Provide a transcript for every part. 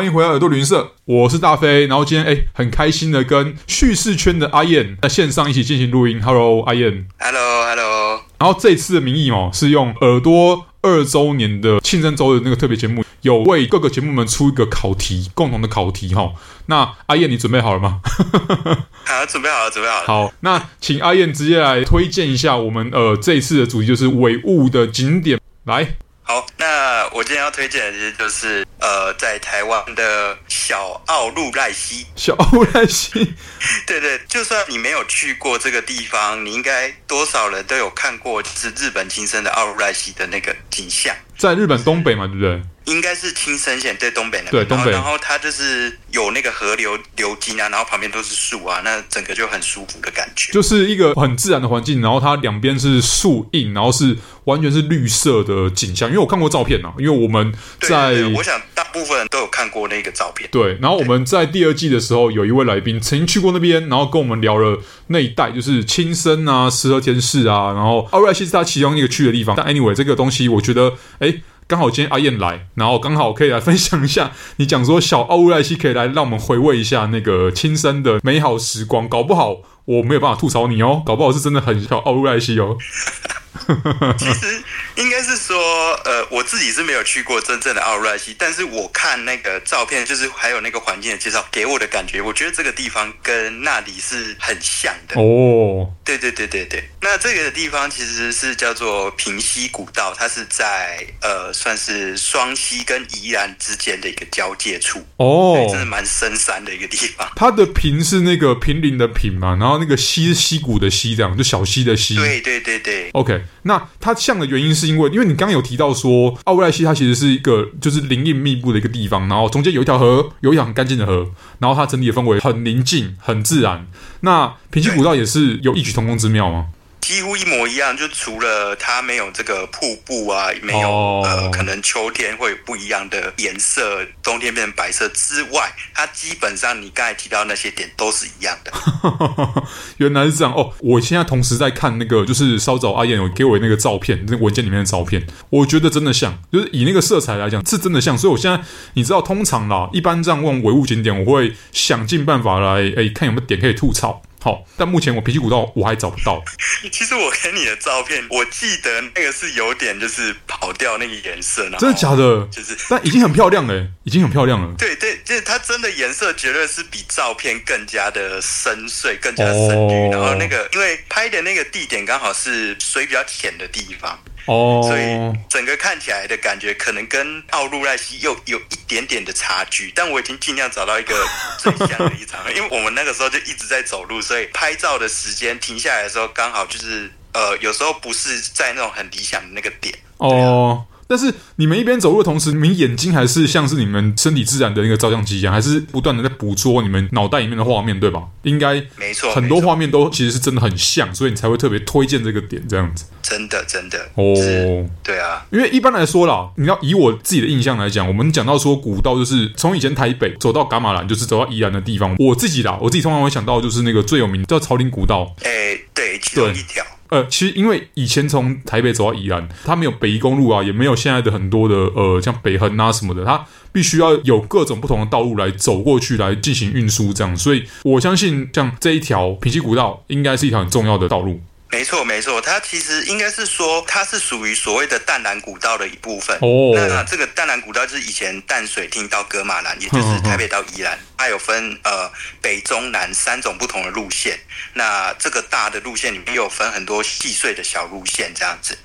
歡迎回到耳朵旅行社，我是大飛。然後今天哎，很開心的跟敘事圈的阿諺在線上一起進行錄音。Hello，阿諺。Hello，Hello hello。然後這次的名義哦，是用耳朵二週年的慶生週的那個特別節目，有為各個節目們出一個考題，共同的考題哈、哦。那阿諺，an, 你準備好了嗎？ 好，準備好了，準備好了。好，那請阿諺直接來推薦一下我們呃這一次的主題，就是偽物的景點。來。好，那我今天要推薦的就是呃，在台灣的小奧入瀨溪，小奧入瀨溪，對對，就算你沒有去過這個地方，你應該多少人都有看過是日本今生的奧入瀨溪的那個景象，在日本東北嘛，是對不對？應該是青森縣，對東北那邊，對東北，然，然後它就是有那個河流流經啊，然後旁邊都是樹啊，那整個就很舒服的感覺，就是一個很自然的環境，然後它兩邊是樹蔭，然後是完全是綠色的景象。因為我看過照片啊，因為我們在對對對，我想大部分人都有看過那個照片。對，然後我們在第二季的時候，對有一位來賓曾經去過那邊，然後跟我們聊了那一帶，就是青森啊，十和田市啊，然後奧入瀨溪是他其中一個去的地方。但 anyway 這個東西，我覺得，哎。剛好今天阿諺來，然後剛好可以來分享一下。你講說小奧入瀨溪可以來，讓我們回味一下那個親身的美好時光。搞不好我沒有辦法吐槽你哦，搞不好是真的很小奧入瀨溪哦。其實應該是說，呃，我自己是沒有去過真正的奧入瀨溪，但是我看那個照片，就是還有那個環境的介紹，給我的感覺，我覺得這個地方跟那裡是很像的哦。對對對對對，那這個的地方其實是叫做坪溪古道，它是在呃，算是雙溪跟宜蘭之間的一個交界處哦，對、欸，真的蠻深山的一個地方。它的坪是那個坪林的坪嘛，然後那個溪是溪谷的溪，這樣就小溪的溪。對對對對,對，OK。那它像的原因是因為，因為你剛剛有提到說，奧入瀨溪它其實是一個就是林蔭密布的一個地方，然後中間有一條河，有一條很乾淨的河，然後它整體的氛圍很寧靜、很自然。那坪溪古道也是有異曲同對。成功之妙嗎？幾乎一模一樣，就除了它沒有這個瀑布啊，沒有、oh, 呃，可能秋天會有不一樣的顏色，冬天變成白色之外，它基本上你剛才提到那些點都是一樣的。 原來是這樣哦！我現在同時在看那個，就是稍早阿諺，有給我那個照片，那文件裡面的照片，我覺得真的像，就是以那個色彩來講是真的像。所以我現在你知道，通常啦，一般這樣問偽物景點，我會想盡辦法來，哎、欸，看有沒有點可以吐槽。好，但目前我坪溪古道，我還找不到。 其實我給你的照片，我記得那個是有點就是跑掉那個顏色，就是、真的假的？就是，但已經很漂亮了、欸、 已經很漂亮了。對對，就是它真的顏色，絕對是比照片更加的深邃，更加的深綠。Oh. 然後那個，因為拍的那個地點剛好是水比較淺的地方。哦，oh, 所以整個看起來的感覺可能跟奧入瀨溪又有一點點的差距，但我已經盡量找到一個最像的一場了， 因為我們那個時候就一直在走路，所以拍照的時間停下來的時候，剛好就是呃，有時候不是在那種很理想的那個點。哦、啊，oh, 但是你們一邊走路的同時，你們眼睛還是像是你們身體自然的那個照相機一樣，還是不斷的在捕捉你們腦袋裡面的畫面，對吧？應該沒錯，很多畫面都其實是真的很像，所以你才會特別推薦這個點這樣子。真的，真的哦、oh.，對啊，因為一般來說啦，你要以我自己的印象來講，我們講到說古道，就是從以前台北走到噶瑪蘭，就是走到宜蘭的地方。我自己啦，我自己通常會想到就是那個最有名叫草嶺古道。誒、欸，對，就一條。呃，其實因為以前從台北走到宜蘭，它沒有北宜公路啊，也沒有現在的很多的呃像北橫啊什麼的，它必須要有各種不同的道路來走過去來進行運輸這樣。所以我相信，像這一條坪溪古道，應該是一條很重要的道路。沒錯，沒錯，它其實應該是說，它是屬於所謂的淡蘭古道的一部分。哦、oh.，那、啊、這個淡蘭古道就是以前淡水廳到噶瑪蘭，也就是台北到宜蘭，oh. 它有分呃北、中、南三種不同的路線。那這個大的路線裡面又有分很多細碎的小路線這樣子。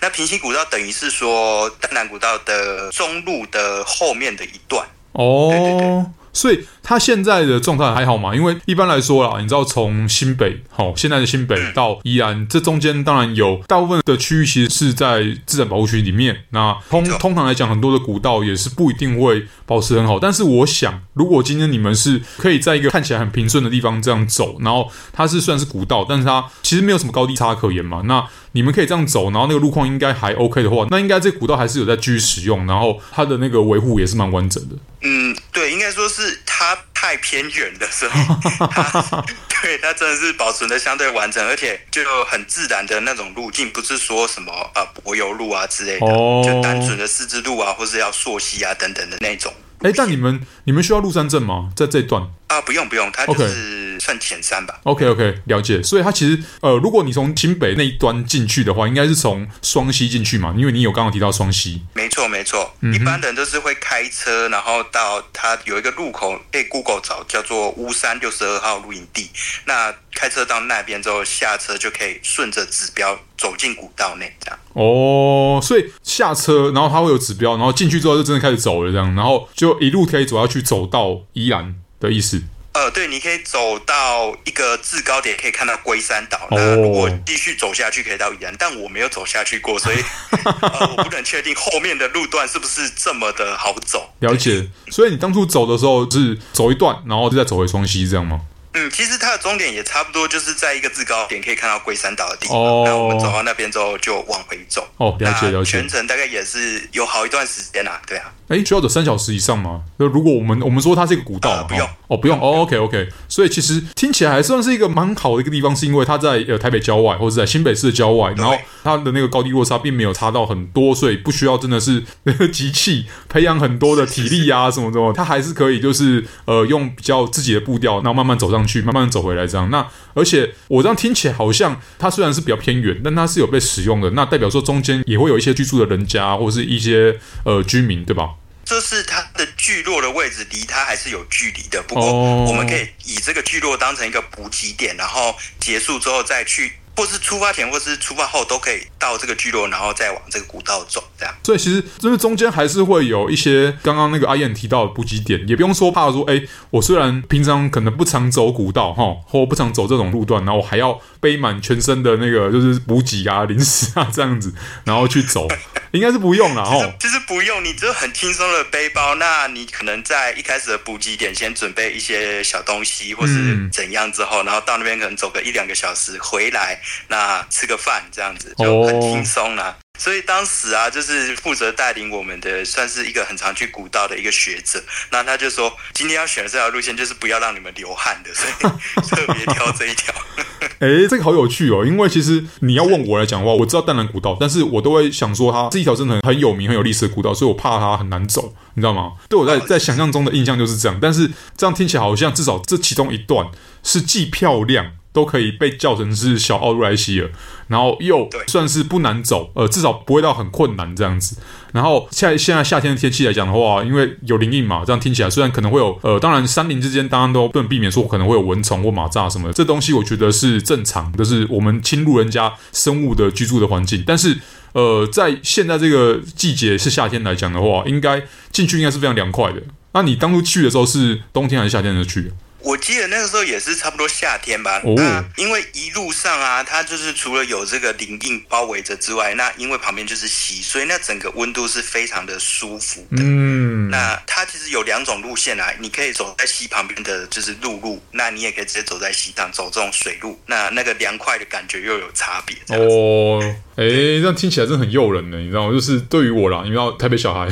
那坪溪古道等於是說淡蘭古道的中路的後面的一段。哦、oh. 對對對。所以它現在的狀態還好嘛？因為一般來說啦，你知道從新北好，現在的新北到宜蘭，這中間當然有大部分的區域其實是在自然保護區裡面。那通通常來講，很多的古道也是不一定會保持很好。但是我想，如果今天你們是可以在一個看起來很平順的地方這樣走，然後它是雖然是古道，但是它其實沒有什麼高低差可言嘛。那你們可以這樣走，然後那個路況應該還 OK 的話，那應該這古道還是有在繼續使用，然後它的那個維護也是蠻完整的。嗯，對，應該說是它太偏遠的時候，它對它真的是保存的相對完整，而且就很自然的那種路徑，不是說什麼啊柏油路啊之類的，哦、就單純的石子路啊，或是要溯溪啊等等的那種。哎，但你們你們需要入山證嗎？在這一段啊，不用不用，它就是。Okay. 算前三吧。OK OK，了解。所以它其實呃，如果你從新北那一端進去的話，應該是從雙溪進去嘛，因為你有剛剛提到雙溪。沒錯沒錯，嗯、哼一般人都是會開車，然後到它有一個路口，被 Google 找叫做烏山六十二號露營地。那開車到那邊之後，下車就可以順着指標走進古道內這樣。哦，所以下車然後它會有指標，然後進去之後就真的開始走了這樣，然後就一路可以主要去走到宜蘭的意思。呃，對，你可以走到一個制高點，可以看到龜山島。那如果繼續走下去，可以到宜蘭，但我沒有走下去過，所以、呃、我不能確定後面的路段是不是這麼的好走。了解。對所以你當初走的時候是走一段，然後就再走回雙溪這樣嗎？嗯，其實它的終點也差不多，就是在一個制高點可以看到龜山島的地方。哦。那我們走到那邊之後就往回走。哦，了解，了解。全程大概也是有好一段時間啊，對啊。哎，需要走三小時以上嗎？那如果我們我們說它是一個古道，呃、不用。哦哦，不用，OK OK，所以其實聽起來還算是一個蠻好的一個地方，是因為它在呃台北郊外或者在新北市的郊外，對然後它的那個高低落差並沒有差到很多，所以不需要真的是那個集氣培養很多的體力啊什麼什麼，它還是可以就是呃用比較自己的步調，然後慢慢走上去，慢慢走回來這樣。那而且我這樣聽起來好像它雖然是比較偏遠，但它是有被使用的，那代表說中間也會有一些居住的人家或者是一些呃居民，對吧？這是它的聚落的位置，離它還是有距離的。不過我們可以以這個聚落當成一個補給點，然後結束之後再去，或是出發前或是出發後都可以到這個聚落，然後再往這個古道走。這樣，所以其實就是中間還是會有一些剛剛那個阿諺提到的補給點，也不用說怕說，哎，我雖然平常可能不常走古道哈、哦，或不常走這種路段，然後我還要背滿全身的那個就是補給啊、零食啊這樣子，然後去走， 應該是不用了哈。其實。不用，你只有很輕鬆的背包。那你可能在一開始的補給點先準備一些小東西，或是怎樣之後，然後到那邊可能走個一兩個小時回來，那吃個飯這樣子就很輕鬆啦。Oh. 所以當時啊，就是負責帶領我們的，算是一個很常去古道的一個學者。那他就說，今天要選的這條路線就是不要讓你們流汗的，所以特別挑這一條。 誒、欸，這個好有趣哦！因為其實你要問我來講的話，我知道淡蘭古道，但是我都會想說它是一條真的很很有名、很有歷史的古道，所以我怕它很難走，你知道嗎？對，我在在想象中的印象就是這樣。但是這樣聽起來好像至少這其中一段是既漂亮。都可以被叫成是小奧入瀨溪了，然後又算是不難走，呃，至少不會到很困難這樣子。然後現現在夏天的天氣來講的話，因為有林蔭嘛，這樣聽起來雖然可能會有，呃，當然山林之間當然都不能避免說可能會有蚊蟲或螞蚱什麼的，這東西我覺得是正常，就是我們侵入人家生物的居住的環境。但是，呃，在現在這個季節是夏天來講的話，應該進去應該是非常涼快的。那、啊、你當初去的時候是冬天還是夏天的去、啊？我記得那個時候也是差不多夏天吧。哦、那因為一路上啊，它就是除了有這個林蔭包圍着之外，那因為旁邊就是溪，所以那整個溫度是非常的舒服的。嗯，那它其實有兩種路線來、啊、你可以走在溪旁邊的就是陸路，那你也可以直接走在溪上走這種水路，那那個涼快的感覺又有差別。哦，哎對，那、欸、聽起來真的很誘人呢，你知道嗎？就是對於我啦，因為我是台北小孩。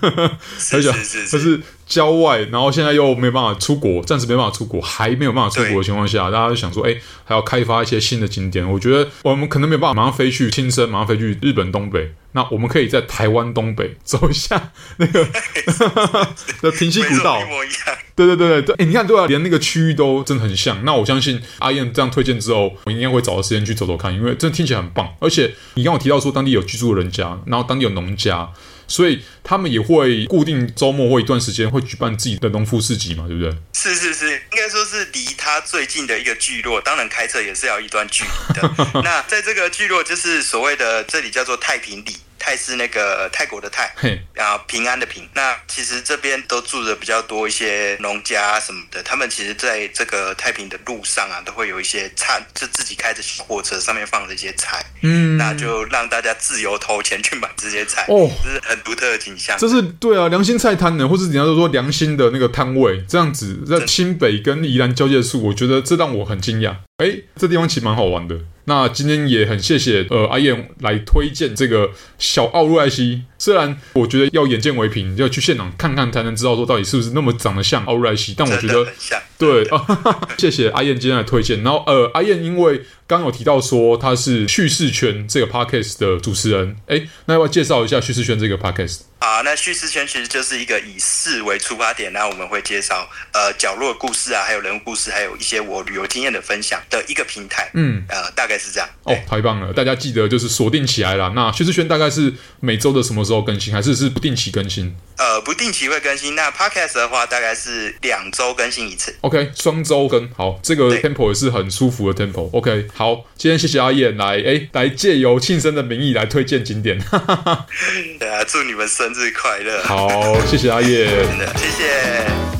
哈哈，而且這是郊外，然後現在又沒辦法出國，暫時沒辦法出國，還沒有辦法出國的情況下，對大家就想說，哎、欸，還要開發一些新的景點。我覺得我們可能沒有辦法馬上飛去青森，馬上飛去日本東北，那我們可以在台灣東北走一下那個那坪溪古道， 對對對對，對、欸、你看對啊，連那個區域都真的很像。那我相信阿諺這樣推薦之後，我應該會找個時間去走走看，因為真的聽起來很棒。而且你剛剛提到說當地有居住的人家，然後當地有農家。所以他們也會固定周末或一段時間會舉辦自己的農夫市集嘛，對不對？是是是，應該說是離他最近的一個聚落，當然開車也是要一段距離的。 那在這個聚落，就是所謂的這裡叫做太平里。泰是那個泰國的泰，後嘿、啊、平安的平。那其實這邊都住着比較多一些農家、啊、什麼的，他們其實在這個泰平的路上啊，都會有一些菜，就自己開着小貨車上面放着一些菜，嗯，那就讓大家自由投錢去買這些菜，哦，這是很獨特的景象的。這是對啊，良心菜攤呢，或是你要說良心的那個攤位，這樣子在新北跟宜蘭交界處，我覺得這讓我很驚訝。誒、欸，這地方其實蠻好玩的。那今天也很謝謝呃，阿諺來推薦這個小奧入瀨溪。雖然我覺得要眼見為憑，要去現場看看才能知道說到底是不是那麼長得像奧入瀨，但我覺得很像。對的、啊、 謝謝阿諺今天的推薦。然後呃，阿諺因為剛有提到說她是敘事圈這個 podcast 的主持人，哎、欸，那要不要介紹一下敘事圈這個 podcast 啊？那敘事圈其實就是一個以事為出發點，那我們會介紹呃角落故事啊，還有人物故事，還有一些我旅遊經驗的分享的一個平台。嗯啊、呃，大概是這樣。哦，欸、太棒了，大家記得就是鎖定起來了。那敘事圈大概是每周的什麼時候？更新還是是不定期更新？呃，不定期會更新。那 podcast 的話，大概是兩週更新一次。OK，雙週更。好，這個 tempo 也是很舒服的 tempo 對。OK，好，今天謝謝阿諺來，哎、欸，來借由慶生的名義來推薦景點。哈哈哈哈對啊，祝你們生日快樂！好，謝謝阿諺，真的謝謝。